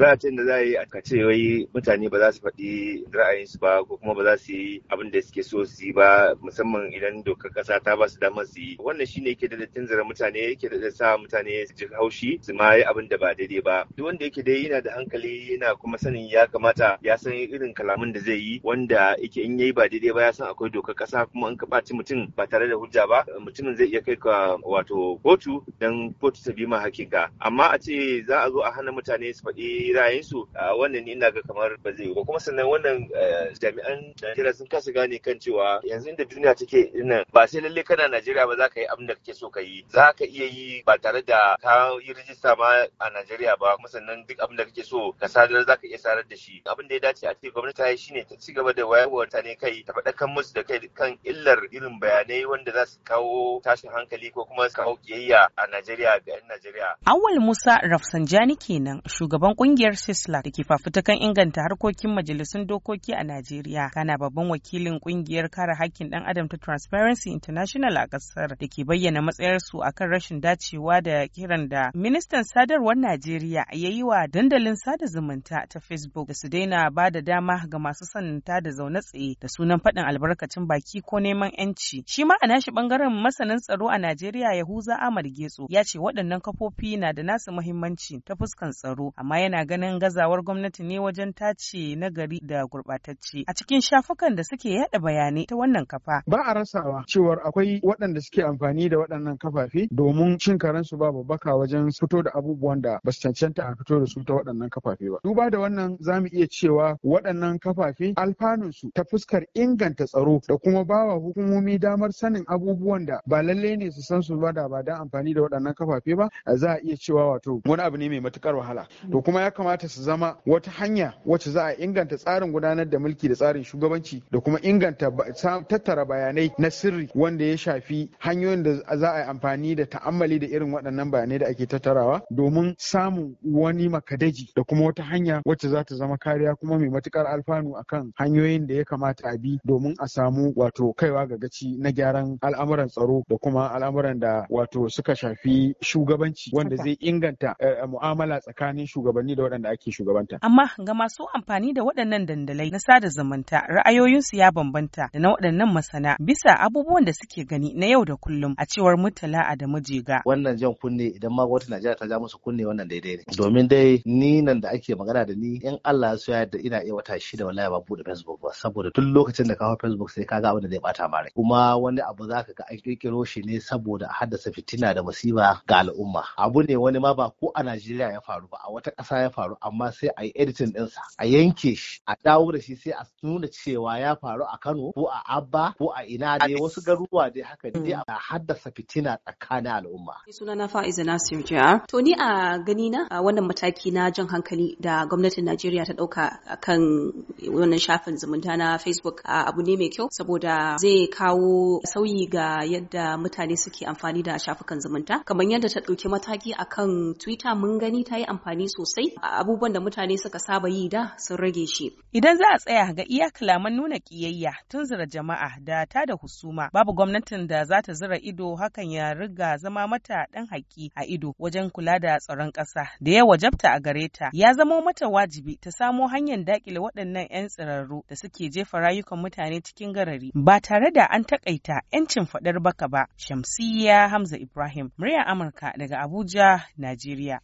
ra'ayin da za a yi a ce wai mutane ba za su faɗi ra'ayinsu ba ko kuma ba za su yi abin da suke so su yi ba musamman idan dokar kasa ta ba su damar su yi wannan shine yake da zira mutane yake da sa mutane su ji haushi su ma yi abin da ba daidai ba duk wanda yake dai yana da hankali yana kuma sanin ya kamata ya san irin kalaman da zai yi wanda yake in yayi ba daidai ba ya san akwai dokar kasa kuma in ka ɓaci mutum ba tare da hujja ba mutumin zai iya kai ka wato kotu dan kotu ta bi ma hakika amma a ce za a zo a hana mutane su faɗi su a wannan ina ga kamar ba zai ba kuma sannan wannan eh, jami'an Najeriya sun kasa gane kan cewa yanzu inda duniya take ina ba sai lalle kana Najeriya ba za ka yi abin da kake so ka yi za ka iya yi ba tare da ka yi rijista ma a Najeriya ba kuma sannan duk abin da kake so ka sadar za ka iya sadar da shi abin da ya dace a cikin gwamnati ta yi shine ta ci gaba da wayarwa mutane kai ta faɗa kan musu da kai kan illar irin bayanai wanda za su kawo tashin hankali ko kuma su kawo kiyayya a Najeriya ga 'yan Najeriya. Awal Musa Rafsanjani kenan shugaban kungiyar Kungiyar Sisla da ke fafutukan inganta harkokin majalisun dokoki a Najeriya, kana babban wakilin kungiyar kare hakkin dan adam ta Transparency International a ƙasar da ke bayyana matsayarsu akan rashin dacewa da kiran da ministan sadarwar Najeriya ya yi wa dandalin sada zumunta ta Facebook da su daina ba da dama ga masu sananta da zaune tsaye da sunan faɗin albarkacin baki ko neman 'yanci. Shi ma a nashi bangaren masanin tsaro a Najeriya Yahuza Ahmad Getso ya ce waɗannan kafofi na da nasu muhimmanci ta fuskan tsaro amma yana yana ganin gazawar gwamnati ne wajen tace nagari da gurɓatacce a cikin shafukan da suke yada bayanai ta wannan kafa. Ba a rasawa cewar akwai waɗanda suke amfani da waɗannan kafafe domin cin karensu ba babbaka wajen fito da abubuwan da ba su cancanta a fito da su ta waɗannan kafafe ba. Duba da wannan za mu iya cewa waɗannan kafafe alfanunsu ta fuskar inganta tsaro da kuma bawa hukumomi damar sanin abubuwan da ba lallai ne su san su ba da ba don amfani da waɗannan kafafe ba za a iya cewa wato wani abu ne mai matukar wahala. To kuma ya kamata su zama wata hanya wacce za a inganta tsarin gudanar da mulki da tsarin shugabanci da kuma inganta tattara bayanai na sirri wanda ya shafi hanyoyin da za a yi amfani da ta'ammali da irin waɗannan bayanai da ake tattarawa domin samun wani makadaji da kuma wata hanya wacce za ta zama kariya kuma mai matukar alfanu akan hanyoyin da ya kamata a bi domin a samu wato kaiwa ga gaci na gyaran al'amuran tsaro da kuma al'amuran da wato suka shafi shugabanci wanda zai inganta eh, mu'amala tsakanin shugabanni da waɗanda ake shugabanta. Amma ga masu amfani da waɗannan dandalai na sada zumunta ra'ayoyinsu ya bambanta da na waɗannan masana bisa abubuwan da suke gani na yau da kullum a cewar Murtala Adamu Jega. Wannan jan kunne idan ma gwamnati Najeriya ta ja musu kunne wannan daidai ne. Domin dai ni nan da ake magana da ni in Allah so yadda ina iya wata shi da wallahi ba buɗe Facebook ba saboda duk lokacin da ka hau Facebook sai ka ga abin da zai bata ma rai. Kuma wani abu za ka ga an kirkiro shi ne saboda haddasa fitina da musiba ga al'umma. Abu ne wani ma ba ko a Najeriya ya faru ba a wata ƙasa ya faru amma sai a yi editing ɗinsa a yanke shi a dawo da shi sai a nuna cewa ya faru a Kano ko a Abba ko a ina dai wasu garuruwa dai haka dai mm. a haddasa fitina tsakanin al'umma. Suna na Fa'iza Nasir Jihar. To ni a gani na wannan mataki na jan hankali da gwamnatin Najeriya ta ɗauka kan wannan shafin zumunta na Facebook abu ne mai kyau saboda zai kawo sauyi ga yadda mutane suke amfani da shafukan zumunta kamar yadda ta ɗauki mataki akan Twitter mun gani ta yi amfani sosai abubuwan da mutane suka saba yi da sun rage shi. Idan za a tsaya ga iya kalaman nuna ƙiyayya, tun zira jama'a da ta da husuma babu gwamnatin da za ta zira ido hakan ya riga zama mata ɗan haƙi a ido wajen kula da tsaron ƙasa da ya wajabta a gare ta ya zamo mata wajibi ta samo hanyar daƙile waɗannan 'yan tsirarru da suke jefa rayukan mutane cikin garari ba tare da an taƙaita 'yancin faɗar baka ba. Shamsiyya Hamza Ibrahim, murya Amurka daga Abuja, Najeriya.